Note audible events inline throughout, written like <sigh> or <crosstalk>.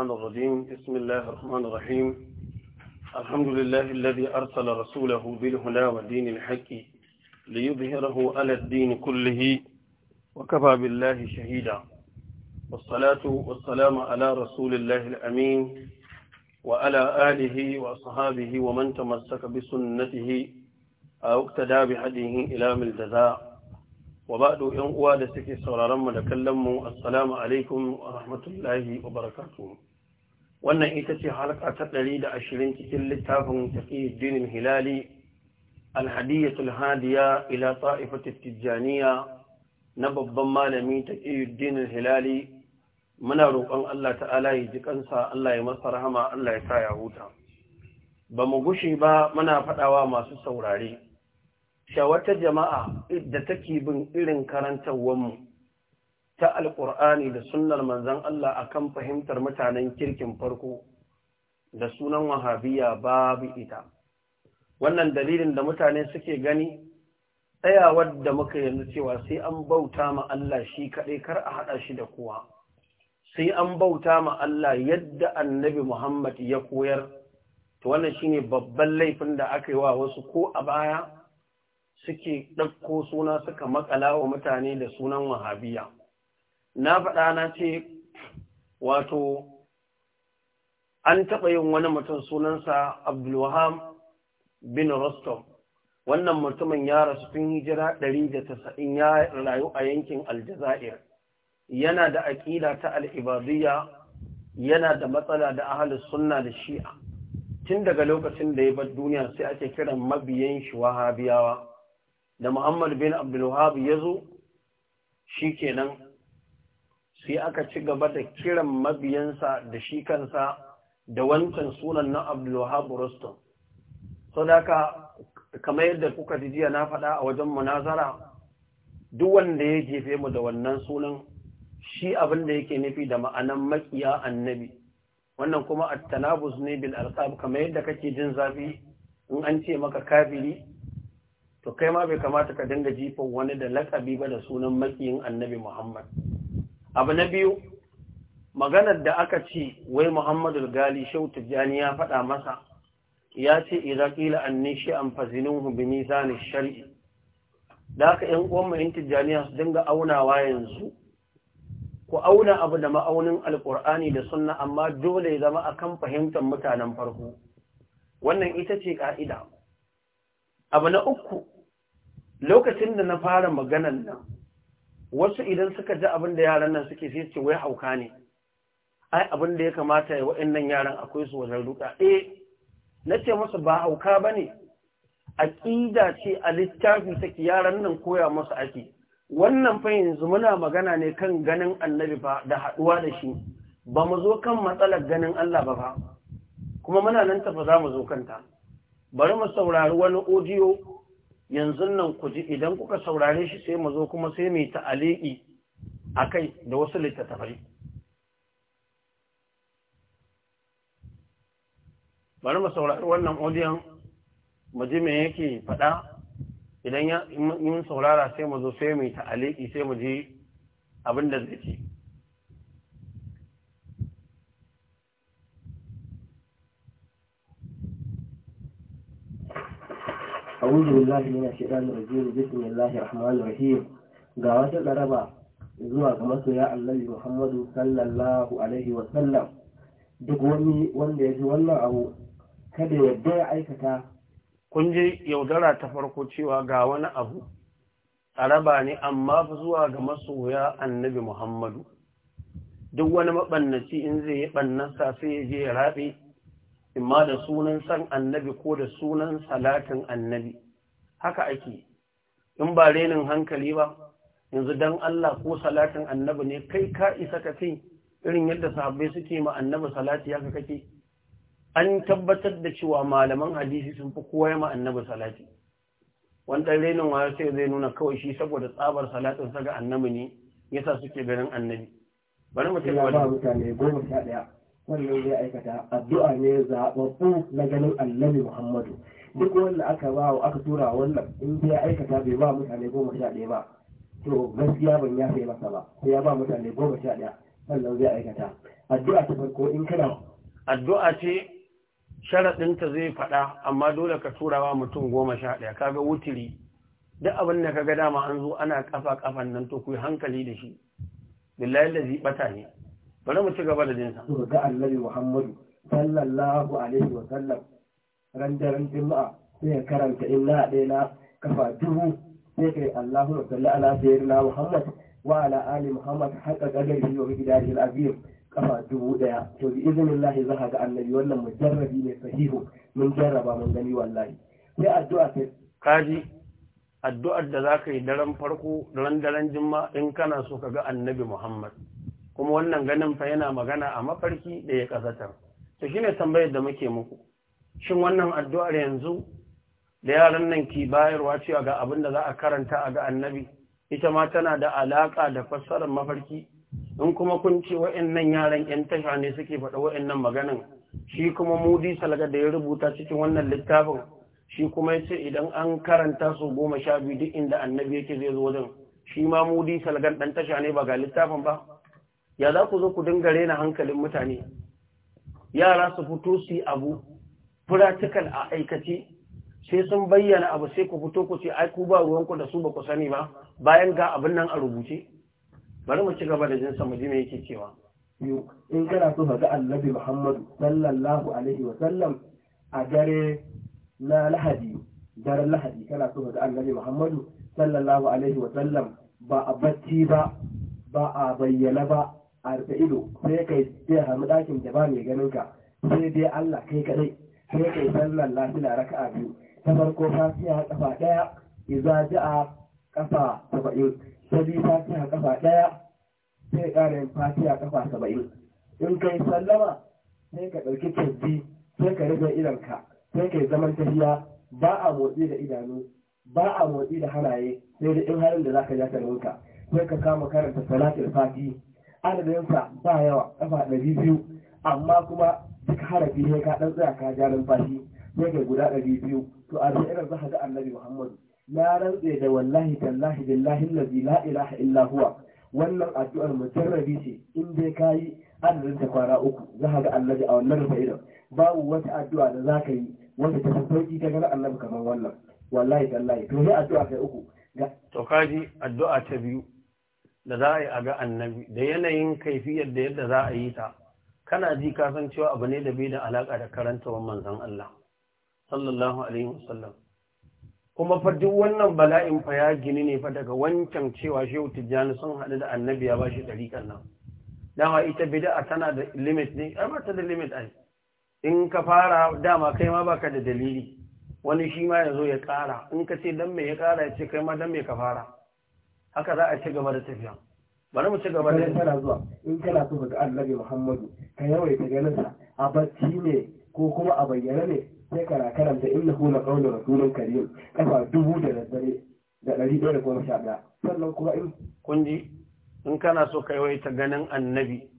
الرحمن الرجيم بسم الله الرحمن الرحيم الحمد لله الذي أرسل رسوله بالهنا والدين الحق ليظهره على الدين كله وكفى بالله شهيدا والصلاة والسلام على رسول الله الأمين وعلى آله وأصحابه ومن تمسك بسنته أو اقتدى بهديه إلى من وبعد أن أواد سكي صرارم لكلمه السلام عليكم ورحمة الله وبركاته wannan ita ce halka ta ɗari da ashirin cikin littafin taqiyuddin hilali alhadiyatul hadiya ila ta'ifatit tijjaniya na babban malami taqiyuddin hilali muna roƙon Allah ta'ala ya ji kansa Allah ya masa rahama Allah ya sa ya huta ba mu gushe ba muna faɗawa masu saurare wata jama'a da take bin irin karantarwar mu ta alƙur'ani da sunnar manzon Allah akan fahimtar mutanen kirkin farko da sunan wahabiya babu ita wannan dalilin da mutane suke gani tsayawar da muka yanzu cewa sai an bauta ma Allah shi kaɗai kar a haɗa shi da kuwa. sai an bauta ma Allah yadda annabi Muhammad ya koyar to wannan shine babban laifin da aka yi wa wasu ko a baya suke ɗauko suna suka makala wa mutane da sunan wahabiya na faɗa na ce wato an taɓa yin wani mutum sunansa abdulwaham bin rostom wannan mutumin ya rasu tun hijira 190 da tasa'in ya rayu a yankin aljazair yana da aƙida ta al'ibadiyya yana da matsala da ahalus sunna da shi'a tun daga lokacin da ya bar duniya sai ake kiran mabiyan shi wahabiyawa da muhammad bin abdulwahab ya zo shi kenan sai aka ci gaba da kiran mabiyansa da shi kansa da wancan sunan na Abdulwahab Rustum. Sadaka kamar yadda kuka ji jiya na faɗa a wajen munazara duk wanda ya jefe mu da wannan sunan shi abin da yake nufi da ma'anan makiya annabi wannan kuma at-tanabuz ne bil alqab kamar yadda kake jin zafi in an ce maka kafiri to kai ma bai kamata ka dinga jifan wani da lakabi ba da sunan makiyin annabi Muhammad abu na biyu maganar da aka ce wai muhammadu gali shau jani ya faɗa masa ya ce iraƙila an nishi an fazinin hubini zane shari'i da aka ‘yan uwanmu ‘yan tijjaniya su dinga aunawa yanzu ku auna abu da ma'aunin alƙur'ani da sunna amma dole zama a kan fahimtar mutanen farko wannan ita ce ƙa'ida abu na uku lokacin da na fara maganar nan wasu idan suka ji abin da yaran nan suke sai ce wai hauka ne ai abin da ya kamata ya wa'annan yaran akwai su wajen ruka eh na ce musu ba hauka ba ne aƙida ce a littafi take yaran nan koya musu ake wannan fa yanzu muna magana ne kan ganin annabi fa da haɗuwa da shi ba mu zo kan matsalar ganin Allah ba fa kuma muna nan tafa za mu zo kanta bari mu saurari wani odiyo yanzu nan ku ji idan kuka saurare shi sai mu zo kuma sai mai ta'aliki a kai da wasu littattafai bari mu saurari wannan odiyon mu ji me yake faɗa idan ya saurara sai mu zo sai mai ta'aliki sai mu ji abin da zai ce أعوذ بالله من الشيطان الرجيم بسم الله الرحمن الرحيم ga wata ƙaraba zuwa ga masoya annabi Muhammadu sallallahu alaihi wasallam duk wani wanda ya ji wannan abu kada yadda ya aikata kun ji yaudara ta farko cewa ga wani abu ƙaraba ne amma zuwa ga masoya annabi Muhammadu duk wani maɓannaci in zai yi ɓannansa sai ya je ya raɓe imma da sunan san annabi ko da sunan salatin annabi haka ake in ba renin hankali ba yanzu dan Allah ko salatin annabi ne kai ka isa ka ce irin yadda sahabbai suke ma annabi salati haka kake an tabbatar da cewa malaman hadisi sun fi kowa ma annabi salati wanda renin wa sai zai nuna kawai shi saboda tsabar salatin sa ga annabi ne yasa suke ganin annabi bari mu ci gaba mutane goma sha ɗaya wannan zai aikata addu'a ne zaɓaɓɓu na ganin annabi muhammadu duk wanda aka ba wa aka tura wannan in ya aikata bai ba mutane goma sha ɗaya ba to gaskiya ban ya kai masa ba sai ya ba mutane goma sha ɗaya sannan zai aikata addu'a ta farko in kana addu'a ce sharaɗinta zai faɗa amma dole ka tura wa mutum goma sha ɗaya kaga wutiri duk abin da kaga dama an zo ana kafa kafan nan to ku hankali da shi billahi lazi zai bata ne bari mu ci gaba da jinsa to ga annabi muhammadu sallallahu alaihi wa sallam ran daren juma'a sai ya karanta inna alaina kafa dubu sai kai allahumma salli ala sayyidina muhammad wa ala ali muhammad haka yi wa bidarihi al-azim kafa dubu daya to bi iznillahi za ga annabi wannan mujarrabi ne sahihu mun jarraba mun gani wallahi sai addu'a sai kaji addu'ar da za ka yi daren farko daren daren Juma'a in kana so ka ga annabi muhammad kuma wannan ganin fa yana magana a mafarki da ya kasatar to shine tambayar da muke muku shin wannan addu'ar yanzu da yaran nan ki bayarwa cewa ga abin da za a karanta a ga annabi ita ma tana da alaka da fassarar mafarki in kuma kun ce wa'annan yaran yan tasha ne suke faɗa wa'annan maganan shi kuma mudi salga da ya rubuta cikin wannan littafin shi kuma ya ce idan an karanta su goma sha biyu duk inda annabi yake zai zo wajen shi ma mudi salgan ɗan tasha ne ba ga littafin ba ya za ku zo ku dinga rena hankalin mutane yara su fito su abu firatikal a aikace sai sun bayyana abu sai ku fito ku ce ai ku ba ruwanku da su ba ku sani ba bayan ga abin nan a rubuce bari mu ci gaba da jinsa mu ji me yake cewa in kana so ka ga annabi Muhammadu sallallahu alaihi wa sallam a dare na lahadi daren lahadi kana so ka ga annabi Muhammadu sallallahu alaihi wa sallam ba a bacci ba ba a bayyana ba a rufe ido sai kai sai hannu ɗakin da ba mai ganin ka sai dai Allah kai kaɗai. sai kai sallan lafiya raka'a biyu ta farko fatiha kafa daya idza ja'a kafa saba'in. ta biyu fatiha kafa daya sai ƙarin fatiha kafa saba'in in kai sallama sai ka ɗauki tabbi sai ka rufe ka sai kai zaman tafiya ba a motsi da idanu ba a motsi da halaye sai da in halin da za ka ja ka sai ka kama karanta salatul fati adadinsa ba yawa ƙafa ɗari biyu amma kuma duk harafi ne ka ɗan tsaya ka ja numfashi sai kai guda ɗari biyu to a zai irin zaka ga annabi muhammadu na rantse da wallahi tallahi billahi lazi la ilaha illa huwa wannan addu'ar mujarrabi ce in dai kayi adadin ta kwana uku za ga annabi a wannan rufe idan babu wata addu'a da za ka yi wanda ta sauƙi ta gana annabi kamar wannan wallahi tallahi to yi addu'a kai uku to kaji addu'a ta biyu da za a yi a ga annabi da yanayin kaifiyar da yadda za a yi ta kana ji ka san cewa abu ne da bai da alaka da karantawan manzon Allah sallallahu alaihi wasallam kuma fa duk wannan bala'in fa ya gini ne fa daga wancan cewa shehu tijjani sun haɗu da annabi ya bashi dariƙar nan dama ita bid'a tana da limit ne amma ta da limit ai in ka fara dama kai ma baka da dalili wani shi ma yazo ya ƙara in ka ce dan me ya ƙara ya ce kai ma dan me ka fara haka za a ci gaba da tafiya bari mu ci gaba da tana zuwa in kana so ga annabi Muhammadu ka yawaita ganin sa a bacci ne ko kuma a bayyana ne sai kana karanta innahu la qawlu rasulun karim kafa dubu da daddare da ɗari ɗaya da goma sha ɗaya sannan kuma in kun ji in kana so ka ta ganin annabi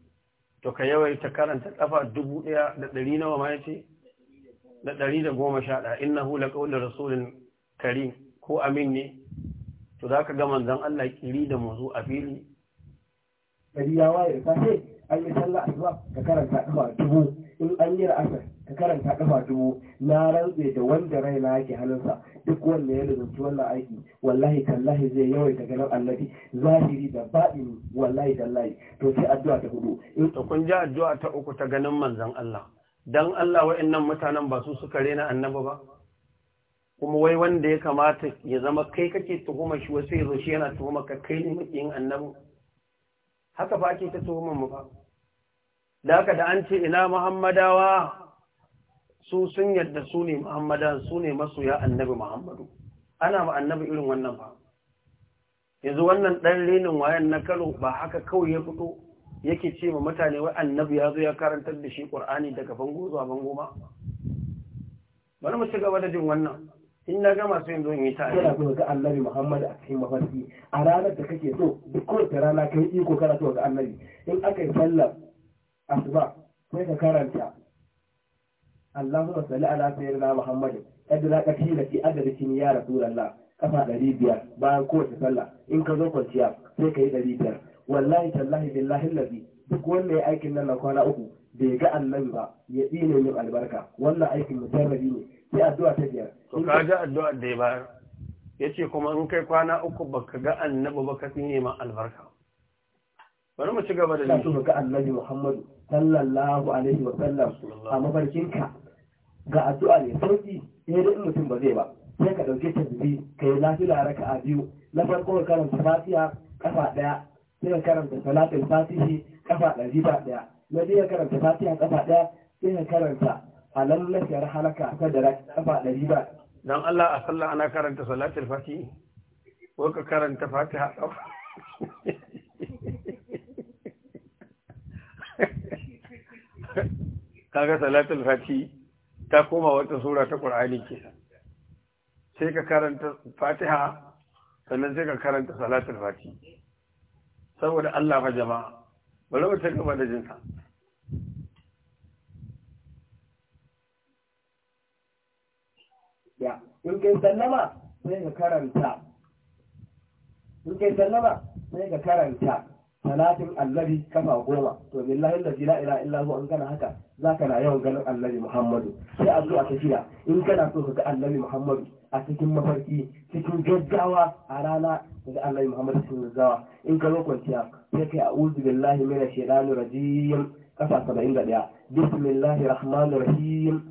to ka yawaita karanta kafa dubu ɗaya da ɗari nawa ma yace da ɗari da goma sha ɗaya innahu la qawlu rasulun karim ko amin ne to za ka ga manzon Allah kiri da mazu a fili gari ya waye ka ce an yi sallah asuba ka karanta kafa dubu in an yi asar ka karanta kafa dubu na rantse da wanda rai na yake hannunsa duk wanda ya lalace wannan aiki wallahi tallahi zai yawaita ganin annabi zahiri da baɗin wallahi tallahi to sai addu'a ta hudu in kun ji addu'a ta uku ta ganin Manzan Allah dan Allah wa'annan mutanen ba su suka rena annabi ba kuma wai wanda ya kamata ya zama kai kake tuhumar shi wasu ya zo shi yana tuhumar ka kai ne yin annabu? haka ba ake ta tuhumar mu ba da haka da an ce ina muhammadawa su sun yadda su ne muhammadan su ne masu ya annabi muhammadu ana ma annabi irin wannan ba yanzu wannan dan renin wayan na Kano ba haka kawai ya fito yake ce ma mutane wai annabi ya zo ya karantar da shi qur'ani daga bango zuwa bango ba? bari mu ci gaba da jin wannan in na gama sai zo yi ta kana so ga annabi Muhammad a cikin mafarki a ranar da kake so duk kowace rana kai iko kana so ga annabi in aka yi sallar asuba sai ka karanta Allahumma salli ala sayyidina Muhammad adra katila fi adadikin ya rasulullah kafa ɗari biyar bayan kowace sallah in ka zo kwanciya sai ka yi ɗari biyar wallahi tallahi billahi lazi duk wanda ya aikin nan na kwana uku bai ga annabi ba ya tsine min albarka wannan aikin mujarrabi ne ya addu'a ta biyar to kaga addu'a da ya bayar yace kuma in kai kwana uku ba ka ga annabi ba ka tsine ma albarka bari mu ci gaba da lissu ga annabi Muhammad sallallahu alaihi wa sallam a mabarkinka ga addu'a ne sauki sai da mutum ba zai ba sai ka dauke tasbi kai lafiya raka a biyu na farko ka karanta fatiha kafa daya sai ka karanta salatul fatihi kafa ɗari ba daya na biyu ka karanta fatiha kafa daya sai ka karanta alam lafiyar halaka ta da kafa ɗari ba. Don Allah a sallah ana karanta salatul fati ko ka karanta fatiha ɗau. <laughs> Kaga salatul fati ta koma wata sura ta Qur'ani ke. Sai ka karanta fatiha sannan sai ka karanta salatul fati. Saboda Allah fa jama'a, bari mu ta gaba da jinsa. in kai sallama sai ka karanta in kai sallama sai ka karanta salatin Allahi kafa goma to billahi allazi la ilaha illa huwa in kana haka zaka na yawan ganin Allahi muhammadu sai a zo a tafiya in kana so ka ga Allahi muhammadu a cikin mafarki cikin gaggawa a rana da Allahi muhammadu cikin gaggawa in ka zo kwanciya sai kai a'udhu billahi minash shaitanir rajim kafa 71 bismillahir rahmanir rahim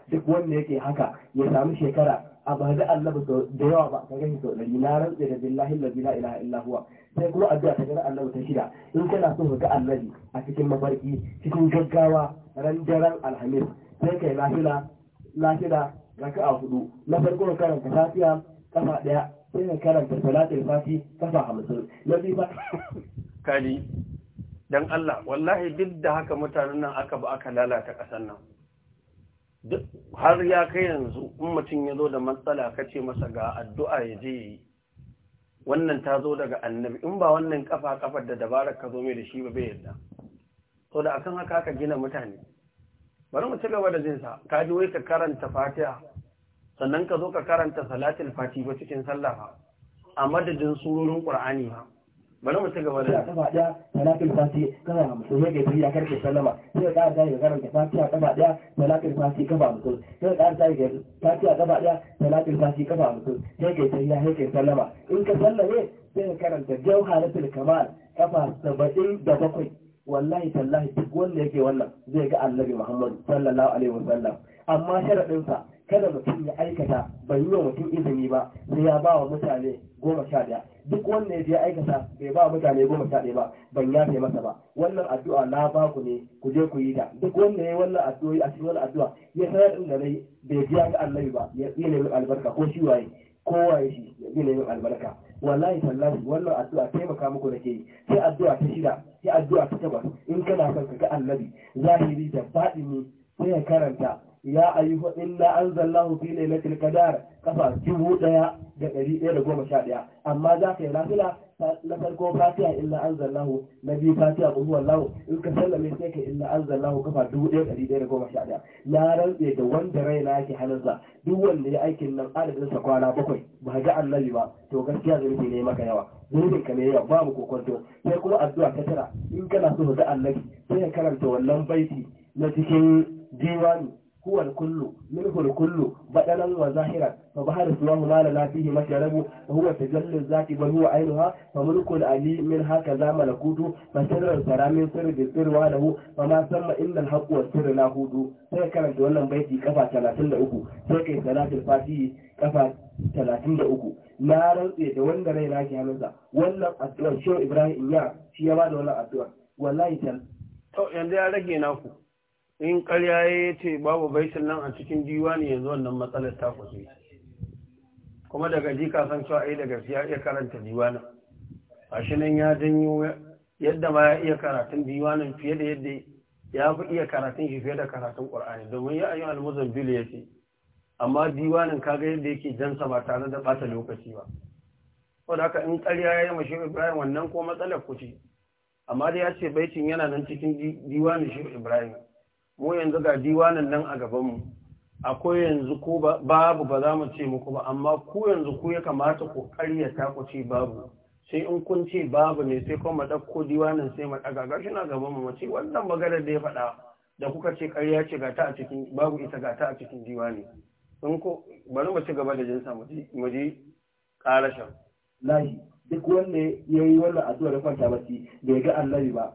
duk wanda yake haka ya samu shekara a ba ga sau da yawa ba ta gani sau ɗari na rantse da billahi lazi la ilaha illa huwa sai kuma addu'a ta gani Allah ta shida in kana so ka ga Allah a cikin mafarki cikin gaggawa ran daren alhamis sai kai lafila lafila a hudu na farko ka karanta safiya kafa daya sai ka karanta salatin safi kafa hamsin na biyu ba dan Allah wallahi duk da haka mutanen nan aka ba aka lalata ƙasar nan har ya kai yanzu in mutum ya zo da matsala ka ce masa ga addu'a ya je yi wannan ta zo daga annabi in ba wannan kafa kafar da dabarar ka zo mai da shi ba bai yadda so da akan haka ka gina mutane bari mu ci gaba da jinsa ka ji wai ka karanta fatiha sannan ka zo ka karanta salatul fati ba cikin sallah a madadin surorin qur'ani ba bari ga kafa daya kafa ya ya karke sallama sai ya karanta kafa daya fati kafa sai ƙara kafa daya kafa ya ya karke sallama in ka sallame sai ya karanta jawharatul kamal kafa da bakwai wallahi tallahi duk wanda yake wannan zai ga annabi muhammad sallallahu alaihi wasallam amma sharaɗinsa kada mutum ya aikata bai yi wa mutum izini ba sai ya ba wa mutane goma sha daya duk wanda ya je aikata bai ba wa mutane goma sha daya ba ban yafe masa ba wannan addu'a na ba ku ne ku je ku yi ta duk wanda ya wannan addu'a a cikin wannan addu'a ya sanar inda nayi bai biya ga annabi ba ya ne min albarka ko shi waye ko ya shi ya ne min albarka wallahi tallahi wannan addu'a taimaka muku da ke sai addu'a ta shida sai addu'a ta takwas in kana son ka ga annabi zahiri da baɗini sai ya karanta ya ayyuhu inna anzalnahu fi lailatul qadar kafa dubu daya da ɗari ɗaya da goma sha ɗaya amma za ka yi nafila na farko fatiha illa anzalnahu na biyu fatiha qul huwallahu in ka sallame sai ka illa zallahu kafa dubu ɗaya ɗari ɗaya da goma sha ɗaya na rantse da wanda raina yake hannunsa duk wanda ya aikin nan adadin sa kwana bakwai ba ga annabi ba to gaskiya zunubi ne maka yawa zunubin ka ne yawa babu kokonto sai kuma addu'a ta tara in kana so ka ga annabi sai ka karanta wannan baiti na cikin diwani هو الكل منه الكل بدلا وظاهرا فبحر اسمه ما لنا فيه مشرب وهو تجلي الذات بل هو عينها فملك العلي من هكذا ملكوت فسر السرى من سر بالسر وله فما سمى إلا الحق والسر لا هود sai karanta wannan baiti kafa 33 sai kai salatul fatihi kafa 33 na rantse da wanda rai naki hannunsa wannan addu'a shehu ibrahim ya shi ya bada wannan addu'a wallahi tal yanzu ya rage naku in ƙarya ya ce babu baitin nan a cikin diwani yanzu wannan matsalar ta kusa kuma daga ji san cewa ai daga siya iya karanta diwanin a shi nan ya janyo yadda ma ya iya karatun diwanin fiye da yadda ya fi iya karatun shi fiye da karatun ƙwar'ani domin ya ayyuan bilu ya ce amma diwanin kaga yadda yake jansa ba tare da ɓata lokaci ba saboda haka in ƙarya ya yi mashi ibrahim wannan ko matsalar ku amma dai ya ce baitin yana nan cikin diwanin shi ibrahim mu yanzu ga diwanan nan a gabanmu akwai yanzu ko babu ba za mu ce muku ba amma ku yanzu ku ya kamata ku ta ku ce babu sai in kun ce babu ne sai kuma ɗauko diwanan sai mu ɗaga shi na gabanmu mu ce wannan maganar da ya faɗa da kuka ce karya ce ga ta a cikin babu ita ga ta a cikin diwani in ko bari mu ci gaba da jinsa mu ji ƙarashin. Lahi duk wanda ya yi wannan addu'ar kwanta bacci bai ga Allah ba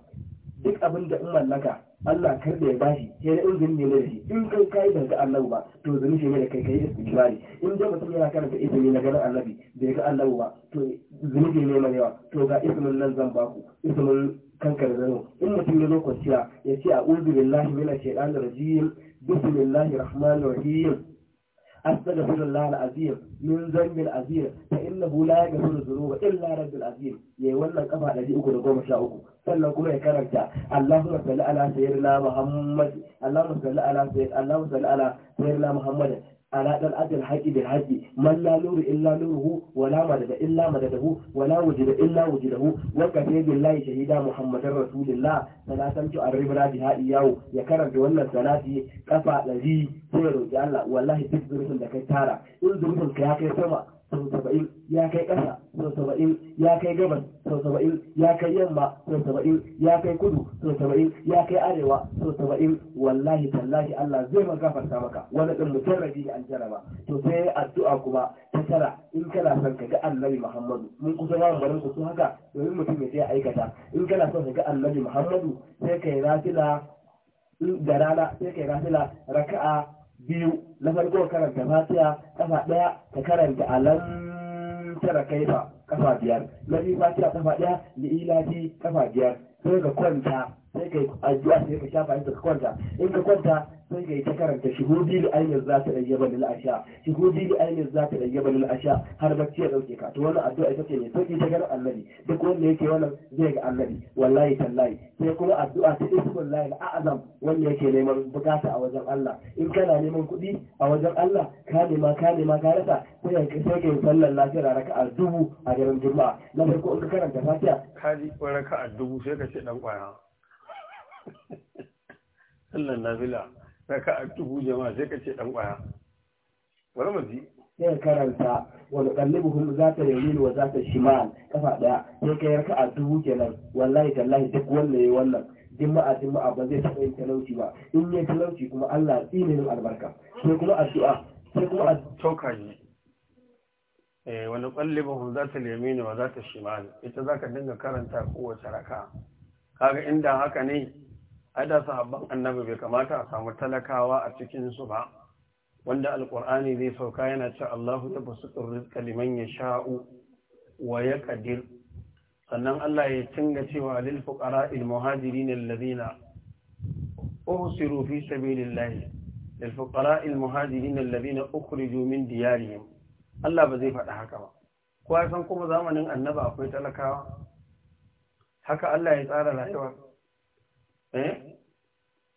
duk abin da in mallaka Allah kar da ya bashi sai da ingin ne da shi in kai kai ga Allah ba to zulmi shi ne da kai kai istighfari in da mutum yana karanta ismi na ganin annabi bai ga Allah ba to zulmi ne mai yawa to ga ismin nan zan ba baku ismin kankar zano in mutum ya zo kwanciya ya ce a'udhu billahi minash shaitanir rajim bismillahir rahmanir rahim أستغفر الله العظيم من ذنب العظيم فإنه لا يغفر الذنوب إلا رب العظيم يا ولا كفا الذي أكو لكم شاء أكو sannan kuma ya karanta Allahumma salli ala sayyidina Muhammad Allahumma salli ala sayyid Allahumma salli ala Muhammad ala dal ajal haji bil haji man la nuru illa nuruhu wa la madada illa madadahu wa la wujuda illa wujudahu wa kafi billahi shahida muhammadar rasulillah salatan tu arriba da biha iyyahu ya karanta wannan salati kafa ɗari. sai roki Allah wallahi duk zurfin da kai tara duk zurfin ka ya kai sama sau saba'in ya kai ƙasa sau saba'in ya kai gabas sau saba'in ya kai yamma sau saba'in ya kai kudu sau saba'in ya kai arewa sau saba'in wallahi tallahi Allah zai ma gafarta maka wani ɗin mutum rabi da aljara ba to sai addu'a kuma ta tara in kana son ka ga annabi Muhammadu mun kusa yawan barin su haka domin mutum ya sai aikata in kana son ka ga annabi Muhammadu sai kai rafila da rana sai kai rafila raka'a biyu na farko karanta fatiha kafa daya ka karanta alam tara kaifa kafa biyar na biyu fatiha kafa daya da ilafi kafa biyar sai ka kwanta sai ka yi addu'a sai ka shafa inda ka kwanta in ka kwanta sai ka yi ta karanta shuhudi li ainihin za ta rage balil asha shuhudi li ainihin za ta rage balil asha har bacci ya dauke ka to wannan addu'a ita ce ne sauki ta ganin annabi duk wanda yake wannan zai ga annabi wallahi tallahi sai kuma addu'a ta ismul lahi a'azam wanda yake neman bukata a wajen Allah in kana neman kuɗi a wajen Allah ka nema ka nema ka rasa sai ka sai ka yi sallar lafiya a dubu a garin juma'a na farko in ka karanta fatiha ka ji a dubu sai ka ce dan kwaya sallan nafila ka a tuhu jama'a sai ka ce dan kwaya wani mazi sai karanta wani kallibuhum za ta yi wa za ta shimal kafa daya sai ka yarka a dubu kenan wallahi tallahi duk wanda yi wannan jima'a jima'a ba zai taɓa yin talauci ba in yi talauci kuma Allah tsine min albarka sai kuma addu'a sai kuma addu'a ne eh wani buhun za ta yi wa za ta shimal ita za ka dinga karanta kowace raka kaga inda haka ne ada sahabban annabi bai kamata a samu talakawa a cikin su ba wanda Alƙur'ani zai sauka yana cewa Allahu ya basutu rizqa liman yasha'u wa yaqdir sannan Allah ya tinga cewa lil fuqara'il muhajirin alladhina uhsiru fi sabilillahi, lil fuqara'il muhajirin alladhina ukhriju min diyarihim Allah ba zai faɗa haka ba kowa san kuma zamanin annaba akwai talakawa haka Allah ya tsara rayuwar Eh?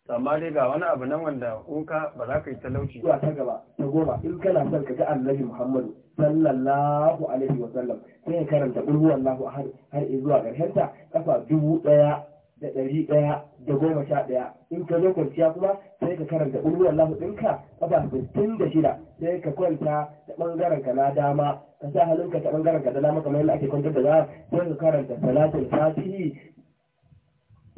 amma dai ga wani abu nan wanda in ka ba za ka yi talauci ba ta gaba ta goma in kana son ka ga annabi muhammadu sallallahu alaihi wa sallam sai ka karanta qul wallahu ahad har zuwa ƙarshen ta kafa dubu ɗaya da ɗari ɗaya da goma sha ɗaya in ka zo kwanciya kuma sai ka karanta ulwar wallahu ɗinka kafa sittin da shida sai ka kwanta da ɓangaren ka na dama ka sa ka ta ɓangaren ka na dama kamar yadda ake kwantar da za sai ka karanta salatin fatihi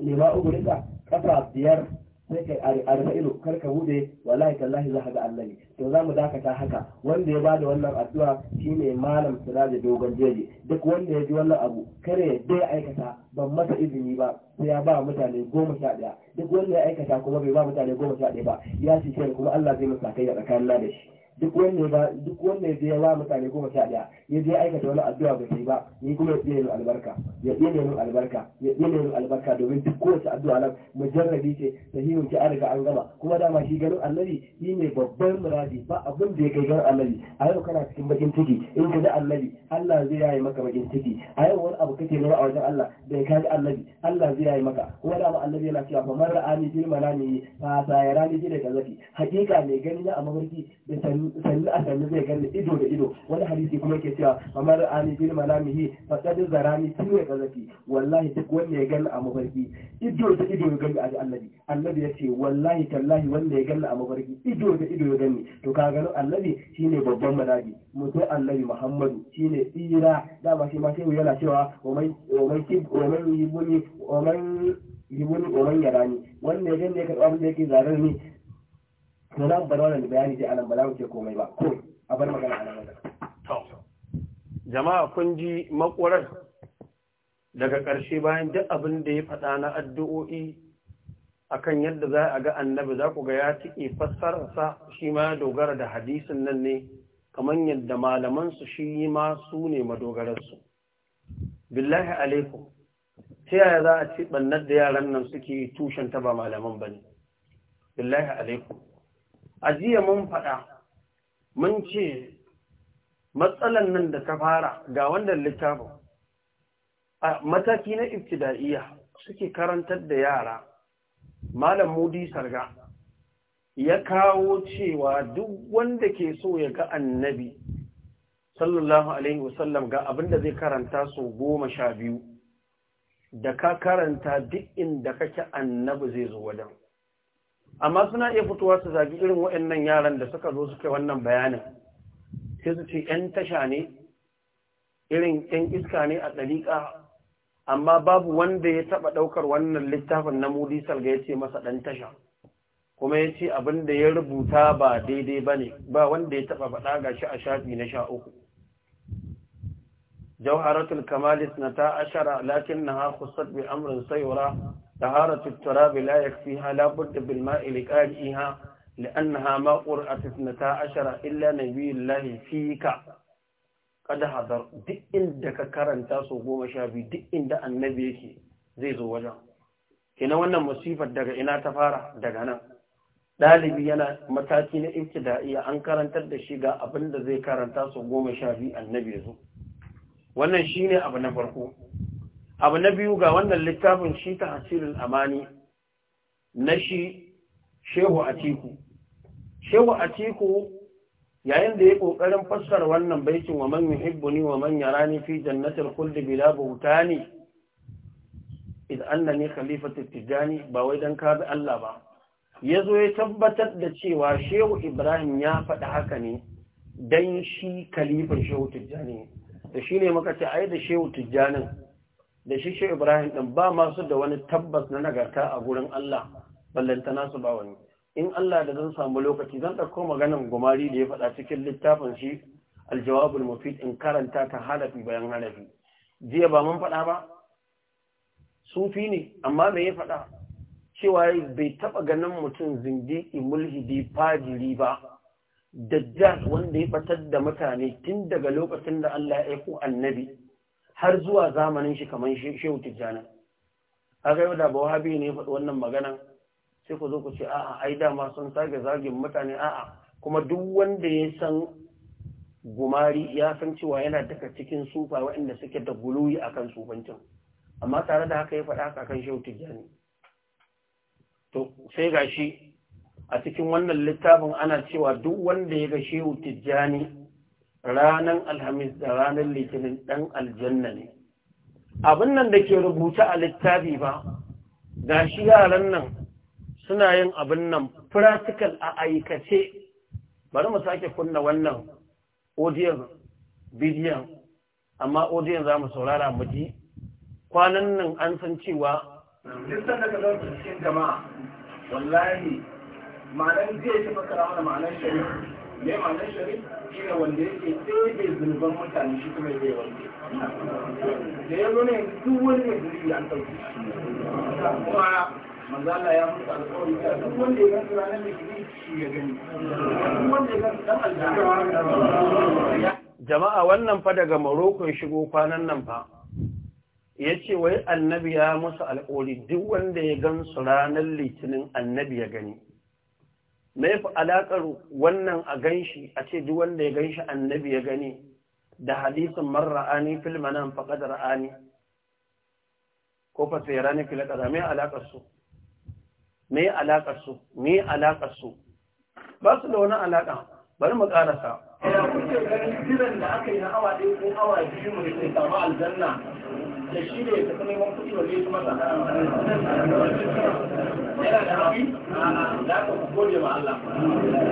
lima uku rika kafa biyar sai kai arfa ido kar ka bude wallahi tallahi za ka ga annabi to za mu dakata haka wanda ya bada wannan addu'a shine malam da dogon jeji duk wanda ya ji wannan abu kare ya aikata ban masa izini ba sai ya ba mutane goma sha daya duk wanda ya aikata kuma bai ba mutane goma sha daya ba ya shi kuma Allah zai masa kai ya tsakanin da shi duk wanne ba duk wanne ya ya ba mutane goma sha ɗaya ya je aikata wani addu'a ba sai ba ni kuma ya yi albarka ya yin albarka ya yin albarka domin duk kowace addu'a nan mujarrabi ce sahihun ki arga an gama kuma dama shi ganin annabi shi ne babban muradi ba abin da ya kai ganin annabi a yau kana cikin bakin ciki in ka ji annabi Allah zai yaye maka bakin ciki a yau wani abu kake nema a wajen Allah da ya kaji annabi Allah zai yaye maka kuma dama annabi yana cewa fa marra ani fil manami fa sayarani fil kazafi hakika mai gani na a mafarki da tani sannu a sannu zai gani ido da ido wani hadisi kuma ke cewa kamar ani bil malamihi faqad zarani tinu ya kazafi wallahi duk wanda ya gani a mafarki ido da ido ya gani a annabi annabi ya ce wallahi tallahi wanda ya gani a mafarki ido da ido ya gani to ka gano annabi shine babban malabi mutum annabi muhammadu shine tsira dama shi ma sai yana cewa wa man wa man wa man yibuni wa man yarani wanda ya gani ya karɓa abin yake zarar ni to za mu bar wannan bayani dai anan ba za mu komai ba ko a bar magana anan wannan jama'a kun ji makwarar daga ƙarshe bayan duk abin da ya faɗa na addu'o'i akan yadda za a ga annabi za ku ga ya tike fassararsa shi ma ya dogara da hadisin nan ne kamar yadda malamansu shi ma su ne madogararsu billahi alaikum ta yaya za a ci ɓannar da yaran nan suke tushen ta ba malaman ba ne billahi alaikum a jiya mun faɗa mun ce matsalan nan da ta fara ga wanda littafin a mataki na ibtida'iyya suke karantar da yara malam mudi sarga ya kawo cewa duk wanda ke so ya ga annabi sallallahu alaihi wasallam ga abinda zai karanta so goma sha biyu da ka karanta duk inda kake annabi zai zo wajen amma suna iya fitowa su zagi irin waɗannan yaran da suka zo suke wannan bayanin sai su ce ‘yan tasha ne irin ‘yan iska ne a ɗariƙa amma babu wanda ya taɓa ɗaukar wannan littafin na mudi salga ya ce masa ɗan tasha kuma ya ce abin da ya rubuta ba daidai ba ne ba wanda ya taɓa faɗa ga shi a shafi na sha uku jawharatul kamalis na ta ashara lakin na ha kusur bi amrin sayura طهارة التراب لا يكفيها لا بد بالماء لقائها لأنها ما قرأت اثنتا عشر إلا نبي الله فيك قد حضر دئ عندك كرنتا سوغوم شابي دئ عند النبي يكي زي زوجا كنا وانا مصيفة دقا إنا تفارح دقا نا ɗalibi yana mataki na ibtida'iya an karantar da shi ga abin da zai karanta su goma sha biyu annabi zo wannan shine abu na farko abu na biyu ga wannan littafin shi ta hasirin amani na shi shehu atiku shehu atiku yayin da ya kokarin fassara wannan baikin wa man ni wa man yarani fi jannatil khuldi bila buhtani idan annani khalifatu tijani ba wai dan ka Allah ba Ya zo ya tabbatar da cewa shehu ibrahim ya faɗi haka ne dan shi khalifar shehu tijani da shine muka ce ai da shehu tijanin da shi shi Ibrahim ɗin ba masu da wani tabbas na nagarta a gurin Allah ballantana su ba wani in Allah da zan samu lokaci zan ɗauko maganan gumari da ya faɗa cikin littafin shi aljawabul mufid in karanta ta halafi bayan halafi jiya ba mun faɗa ba sufi ne amma me ya faɗa cewa bai taɓa ganin mutum zindiki mulhidi fajiri ba dajjal wanda ya fatar da mutane tun daga lokacin da Allah ya aiko annabi har zuwa zamanin shi kamar shehu tijjana kaga yau da bawahabi ne ya faɗi wannan magana sai ku zo ku ce a'a ai da ma sun sage zagin mutane a'a kuma duk wanda ya san gumari ya san cewa yana daga cikin sufa waɗanda suke da guluyi akan sufancin amma tare da haka ya faɗa haka kan shehu tijjani to sai gashi a cikin wannan littafin ana cewa duk wanda ya ga shehu tijjani ranar alhamis da ranar litinin ɗan aljanna ne abin nan da ke rubuta a littafi ba ga shi yaran nan suna yin abin nan practical a aikace bari mu sake kunna wannan odiyon bidiyon amma odiyon za mu saurara mu ji kwanan nan an san cewa duk daga jama'a wallahi ma'anar zai shi maka da ma'anar shari'a me ma'anar shari shi ne wanda yake ɗebe zunuban mutane shi kuma zai wanke da ya zo ne duk wani mai zunubi an ɗauki kuma manzala ya mutu alƙawari ta duk wanda ya gansu ranar mai shi ya gani duk wanda ya gansu dan aljanna jama'a wannan fa daga Morocco shigo kwanan nan fa ya ce wai annabi ya musu alƙawari duk wanda ya gansu ranar litinin annabi ya gani na yafi alaƙar wannan a ganshi a ce duk wanda ya ganshi annabi ya gani da hadisin marra'ani fil manam faqad ra'ani ko fa sayrani fil qada mai alaƙar su mai alaƙar su mai alaƙar su ba su da wani alaƙa bari mu ƙarasa ya kuke ganin kiran da aka yi na awa ɗaya ko awa biyu mai, ne samu aljanna da shi da ya tafi neman kuɗi waje kuma da yana da da aka ku gode Allah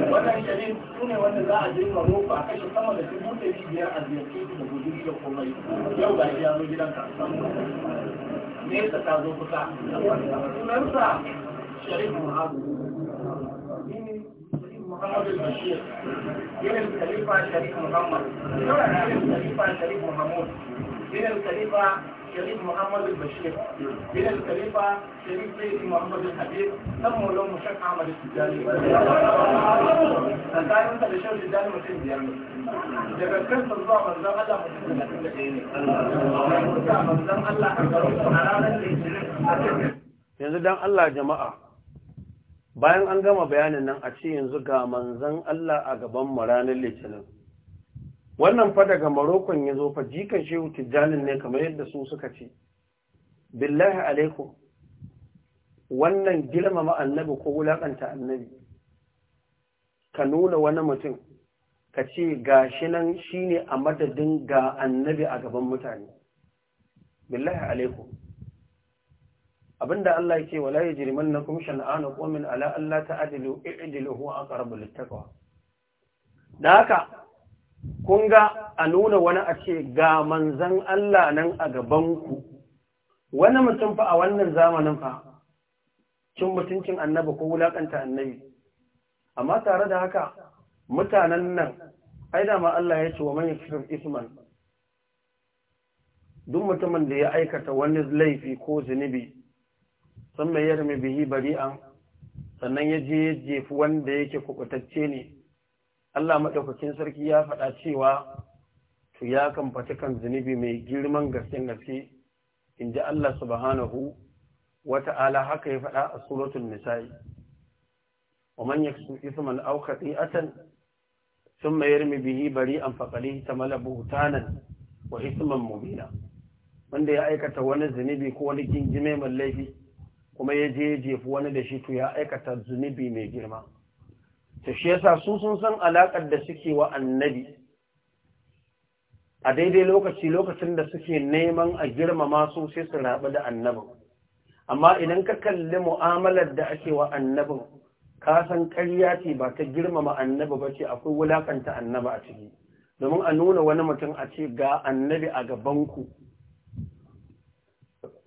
wannan su ne wanda za a je Maroko a kashe sama da biyar a ziyarce da guduri da komai yau ga shi ya zo nesa ta zo kusa sunansa محمد البشير الخليفة شريف محمد بين الخليفة شريف محمود بين الخليفة شريف محمد البشير بين شريف سيدي محمد الحبيب سموا له مشاك أحمد التجاري فكان أنت لشيخ الجدال مسلم يعني daga kansa zuwa manzan Allah mutum da da ɗaya ne. Manzan Allah a garin a ranar da yanzu dan Allah jama'a bayan an gama bayanin nan a ce yanzu ga manzan Allah a gaban mu ranar litinin wannan fa daga marokon ya zo fa jikan shehu tijjanin ne kamar yadda su suka ce billahi alaikum wannan girmama annabi ko wulakanta annabi ka nuna wani mutum ka ce ga shi nan shi a madadin ga annabi a gaban mutane billahi alaikum abinda Allah yake wala yajrimannakum shan'anu qawmin ala alla ta'dilu i'dilu huwa aqrabu littaqwa da haka kun ga a nuna wani a ce ga manzan Allah nan a gabanku wani mutum fa a wannan zamanin fa cin mutuncin annabi ko wulakanta annabi amma tare da haka mutanen nan ai dama Allah ya ce wa man yakfir isman duk mutumin da ya aikata wani laifi ko zunubi sun mai yarmi bihi bari'an sannan ya je ya jefi wanda yake kubutacce ne Allah maɗaukakin sarki ya faɗa cewa to ya kan kan zunubi mai girman gaske gaske in ji Allah subhanahu Ta'ala haka ya faɗa a suratul nisa'i wa man yaksu isman aw khati'atan thumma yarmi bihi bari'an faqali tamala buhtanan wa isman mubina wanda ya aikata wani zunubi ko wani gingime mai laifi kuma ya je jefi wani da shi to ya aikata zunubi mai girma ta shi yasa su sun san alaƙar da suke wa annabi a daidai lokaci lokacin da suke neman a girmama su sai su rabu da annabin amma idan ka kalli mu'amalar da ake wa annabin ka san ƙarya ce ba ta girmama annabi ba ce akwai wulakanta annabi a ciki domin a nuna wani mutum a ce ga annabi a gabanku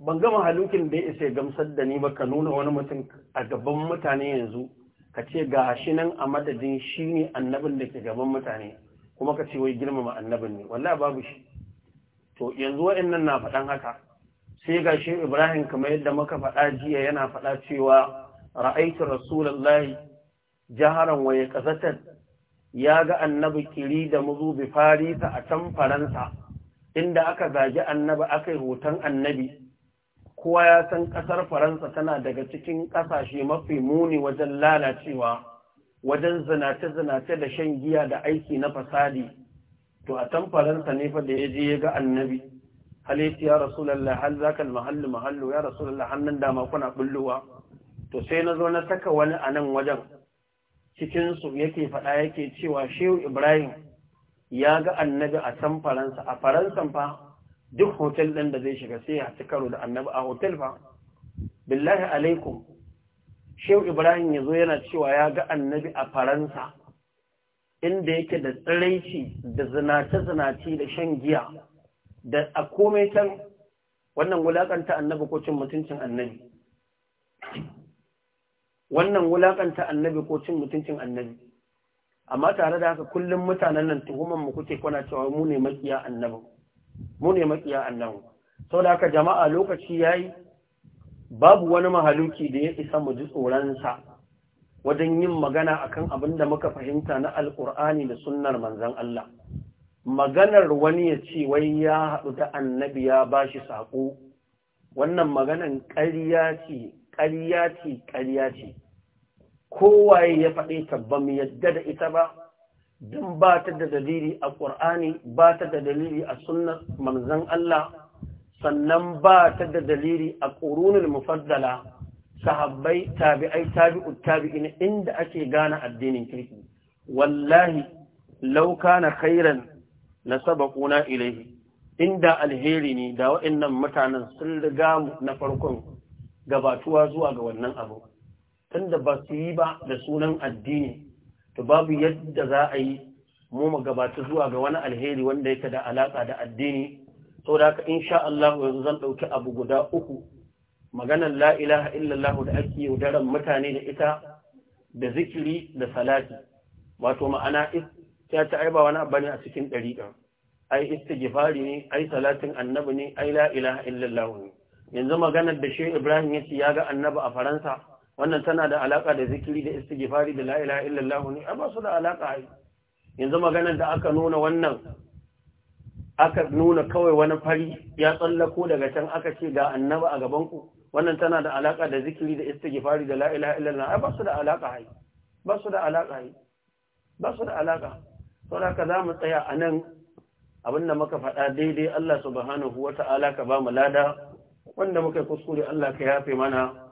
ban gama halukin da ya isa gamsar da ni ba ka nuna wani mutum a gaban mutane yanzu ka ce ga shi nan a madadin shi ne annabin da ke gaban mutane kuma ka ce wai girmama annabin ne wallahi babu shi to yanzu waɗannan na faɗan haka sai ga shi Ibrahim kamar yadda muka faɗa jiya yana faɗa cewa ra'aitu rasulullahi jaharan wa yaqazatan ya ga annabi kiri da muzu bi farisa a can faransa inda aka zagi annabi aka yi hoton annabi kowa ya san ƙasar faransa tana daga cikin ƙasashe mafi muni wajen lalacewa wajen zinace-zinace da shan giya da aiki na fasadi to a tan faransa ne fa da ya je ya ga annabi halitti ya rasulallah hal zakal mahallu mahallu ya rasulallah hannun dama kuna bullowa to sai na zo na saka wani a nan wajen cikin su yake faɗa yake cewa shehu ibrahim ya ga annabi a can faransa a faransan fa duk hotel ɗin da zai shiga sai ya ci karo da annabi a hotel fa, billahi alaikum shehu ibrahim ya zo yana cewa ya ga annabi a faransa inda yake da tsiraici da zinace-zinace da shan giya da a komai can wannan wulakanta annabi ko cin mutuncin annabi wannan wulakanta annabi ko cin mutuncin annabi amma tare da haka kullum mutanen nan tuhumar mu kuke kwana cewa mu ne makiya annabin. mu ne makiya annahu sau da haka jama'a lokaci ya yi babu wani mahaluki da ya isa mu ji tsoronsa wajen yin magana akan abin da muka fahimta na alƙur'ani da sunnar Manzon Allah maganar wani ya ce wai ya haɗu da annabi ya ba shi saƙo wannan maganan ƙarya ce ƙarya ce ƙarya ce kowaye ya faɗi ba mu yadda da ita ba don ba ta da dalili a ƙur'ani ba ta da dalili a sunan manzan Allah sannan ba ta da dalili a ƙorunar mufaddala sahabbai tabi'ai tabi'ut tabi'in inda ake gane addinin kirki wallahi lauka na khairan na sabakuna ilayhi inda alheri ne da waɗannan mutanen sun riga mu na farkon gabatuwa zuwa ga wannan abu tunda ba su yi ba da sunan addini to babu yadda za a yi mu mu gabata zuwa ga wani alheri wanda yake da alaƙa da addini da haka insha Allah yanzu zan ɗauki abu guda uku maganar La'ilaha, illallah da ake yaudaran mutane da ita da zikiri da salati wato ma'ana ta ta aiba wani abu ne a cikin dariƙa ai gifari ne ai salatin annabi ne ai La'ilaha, illallah ne yanzu maganar da shi Ibrahim yace ya ga annabi a Faransa wannan tana da alaka da zikiri da istighfari da la ilaha illallah ne amma su da alaka ai yanzu maganar da aka nuna wannan aka nuna kawai wani fari ya tsallako daga can aka ce ga annaba a gaban ku wannan tana da alaka da zikiri da istighfari da la ilaha illallah ai ba su da alaka ai ba su da alaka ai ba su da alaka da ka za mu tsaya a nan da muka faɗa daidai Allah subhanahu wata'ala ka ba mu lada wanda muka kuskure Allah ka yafe mana